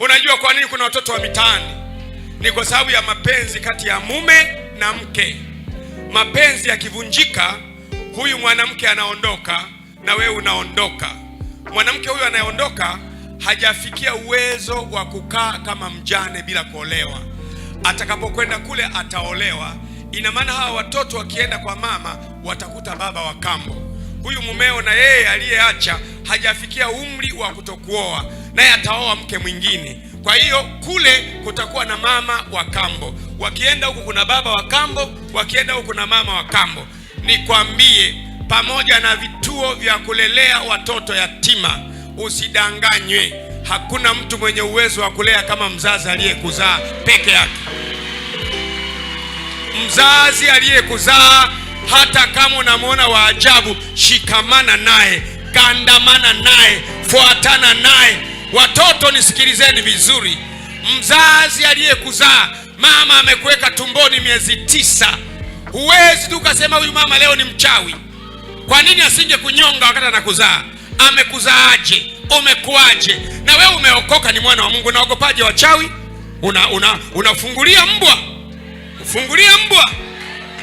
Unajua kwa nini kuna watoto wa mitaani? Ni kwa sababu ya mapenzi kati ya mume na mke. Mapenzi yakivunjika, huyu mwanamke anaondoka na wewe unaondoka. Mwanamke huyu anayeondoka hajafikia uwezo wa kukaa kama mjane bila kuolewa. Atakapokwenda kule ataolewa. Ina maana hawa watoto wakienda kwa mama watakuta baba wa kambo. Huyu mumeo na yeye aliyeacha hajafikia umri wa kutokuoa, naye ataoa mke mwingine. Kwa hiyo kule kutakuwa na mama wa kambo, wakienda huku kuna baba wa kambo, wakienda huku kuna mama wa kambo. Nikwambie, pamoja na vituo vya kulelea watoto yatima, usidanganywe. Hakuna mtu mwenye uwezo wa kulea kama mzazi aliyekuzaa peke yake. Mzazi aliyekuzaa hata kama unamwona wa ajabu, shikamana naye, kandamana naye, fuatana naye. Watoto nisikilizeni vizuri, mzazi aliyekuzaa, mama amekuweka tumboni miezi tisa, huwezi tu ukasema huyu mama leo ni mchawi. Kwa nini asinge kunyonga wakati anakuzaa? Amekuzaaje? Umekuaje? na wewe umeokoka, ni mwana wa Mungu, unaogopaje wachawi? Unafungulia una, una mbwa fungulia mbwa.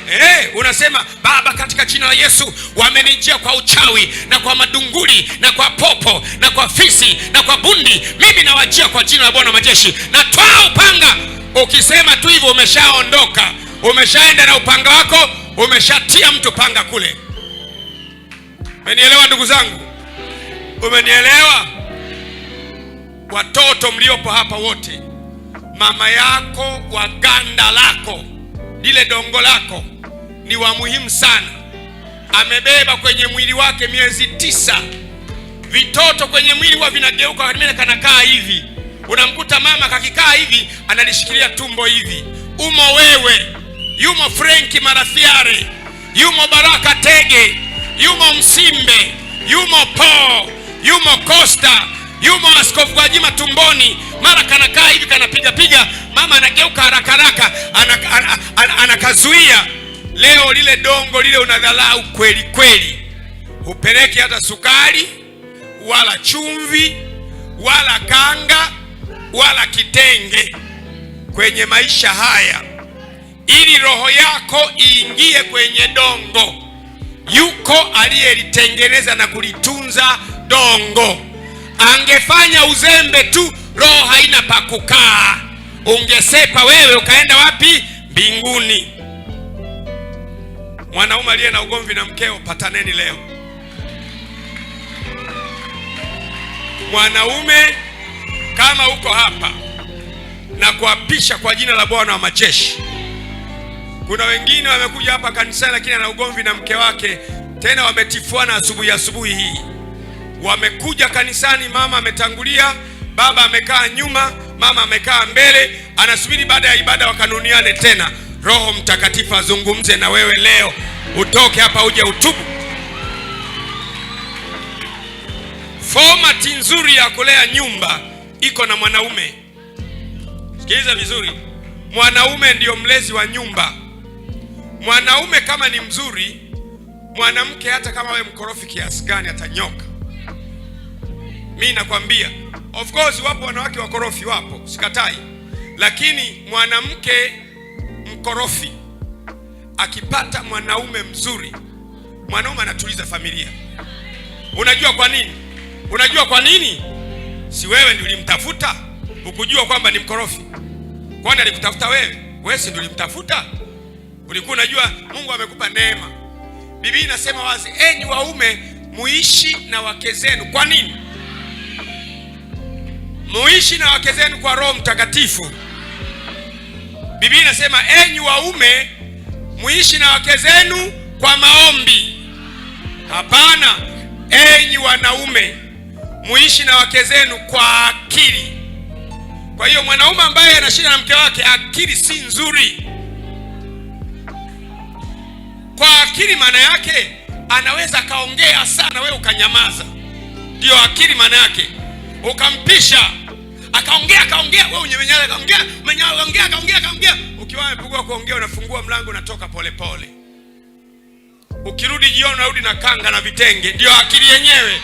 Hey, eh, unasema Baba, katika jina la Yesu, wamenijia kwa uchawi na kwa madunguli na kwa popo na kwa fisi na kwa bundi, mimi nawajia kwa jina la Bwana majeshi, natwaa upanga. Ukisema tu hivyo umeshaondoka, umeshaenda na upanga wako, umeshatia mtu panga kule. Umenielewa ndugu zangu? Umenielewa watoto mliopo hapa wote, mama yako wa ganda lako lile dongo lako ni wa muhimu sana. Amebeba kwenye mwili wake miezi tisa. Vitoto kwenye mwili huwa vinageuka, kanakaa hivi, unamkuta mama kakikaa hivi, analishikilia tumbo hivi. Umo wewe, yumo Frenki Marafiare, yumo Baraka Tege, yumo Msimbe, yumo Paul, yumo Costa Askofu Gwajima tumboni, mara kanakaa hivi kanapiga piga, mama anageuka haraka haraka, anakazuia. Leo lile dongo lile unadhalau kweli kweli, hupeleki hata sukari wala chumvi wala kanga wala kitenge kwenye maisha haya, ili roho yako iingie kwenye dongo. Yuko aliyelitengeneza na kulitunza dongo. Angefanya uzembe tu, roho haina pa kukaa, ungesepa wewe ukaenda wapi? Mbinguni. Mwanaume aliye na ugomvi na mkeo, pataneni leo. Mwanaume kama uko hapa na kuapisha kwa jina la Bwana wa majeshi. Kuna wengine wamekuja hapa kanisani, lakini ana ugomvi na mke wake, tena wametifuana asubuhi asubuhi hii wamekuja kanisani, mama ametangulia, baba amekaa nyuma, mama amekaa mbele, anasubiri baada ya ibada wakanuniane tena. Roho Mtakatifu azungumze na wewe leo, utoke hapa uje utubu. Fomati nzuri ya kulea nyumba iko na mwanaume. Sikiliza vizuri, mwanaume ndiyo mlezi wa nyumba. Mwanaume kama ni mzuri, mwanamke hata kama we mkorofi kiasi gani atanyoka mi nakwambia, of course wapo wanawake wakorofi, wapo, sikatai, lakini mwanamke mkorofi akipata mwanaume mzuri, mwanaume anatuliza familia. Unajua kwa nini? Unajua kwa nini? Si wewe ndio ulimtafuta, ukujua kwamba ni mkorofi? Kwani alikutafuta wewe? Wewe si ndio ulimtafuta? Ulikuwa unajua Mungu amekupa neema. Biblia inasema wazi, enyi waume muishi na wake zenu. Kwa nini? muishi na wake zenu kwa Roho Mtakatifu. Biblia inasema enyi waume muishi na wake zenu kwa maombi. Hapana, enyi wanaume muishi na wake zenu kwa akili. Kwa hiyo mwanaume ambaye anashinda na mke wake, akili si nzuri. Kwa akili maana yake anaweza akaongea sana, wewe ukanyamaza, ndiyo akili maana yake, ukampisha akaongea akaongea, wewe unyemenyana, akaongea menyana, akaongea akaongea akaongea. Ukiwa amepigwa kuongea, unafungua mlango, unatoka polepole, ukirudi jioni unarudi na kanga na vitenge. Ndio akili yenyewe,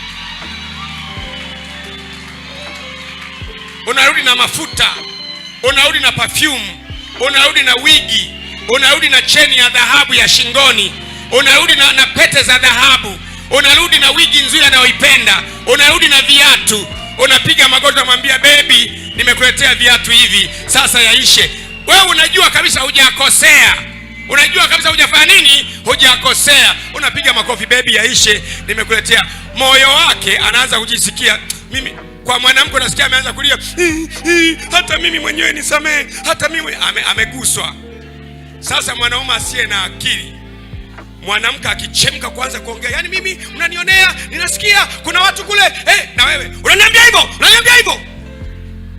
unarudi na mafuta, unarudi na perfume, unarudi na wigi, unarudi na cheni ya dhahabu ya shingoni, unarudi na, na pete za dhahabu unarudi na wigi nzuri anayoipenda, unarudi na viatu, unapiga magoti, unamwambia bebi, nimekuletea viatu hivi, sasa yaishe. Wewe unajua kabisa hujakosea, unajua kabisa hujafanya nini, hujakosea. Unapiga makofi, bebi, yaishe, nimekuletea. Moyo wake anaanza kujisikia mimi kwa mwanamke unasikia ameanza kulia, hata mimi mwenyewe nisamehe, hata mimi ame, ameguswa. Sasa mwanaume asiye na akili mwanamke akichemka kwanza kuongea, yaani mimi unanionea, ninasikia kuna watu kule hey, eh, na wewe unaniambia hivyo, unaniambia hivyo.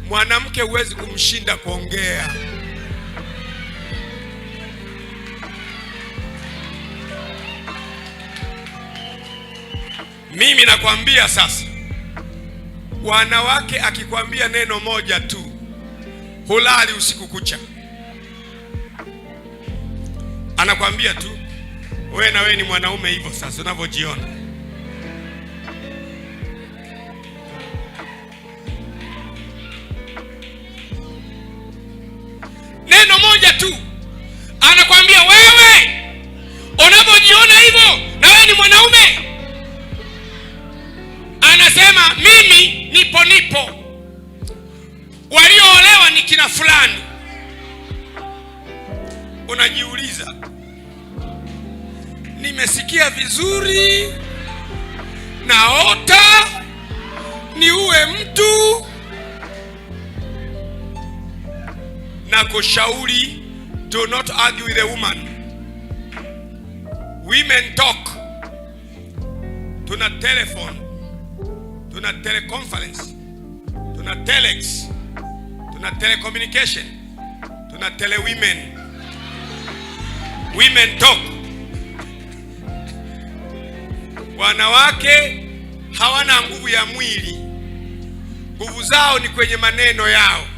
Mwanamke huwezi kumshinda kuongea. Mimi nakwambia sasa, wanawake akikwambia neno moja tu, hulali usiku kucha, anakwambia tu wewe na wewe ni mwanaume hivyo sasa unavyojiona. Neno moja tu anakwambia wewe unavyojiona hivyo, na wewe ni mwanaume. Anasema mimi nipo nipo, walioolewa ni kina fulani. Unajiuliza nimesikia vizuri, naota ni uwe mtu na kushauri, do not argue with a woman. Women talk. Tuna telephone, tuna teleconference, tuna telex, tuna telecommunication, tuna telewomen. Women talk. Wanawake hawana nguvu ya mwili, nguvu zao ni kwenye maneno yao.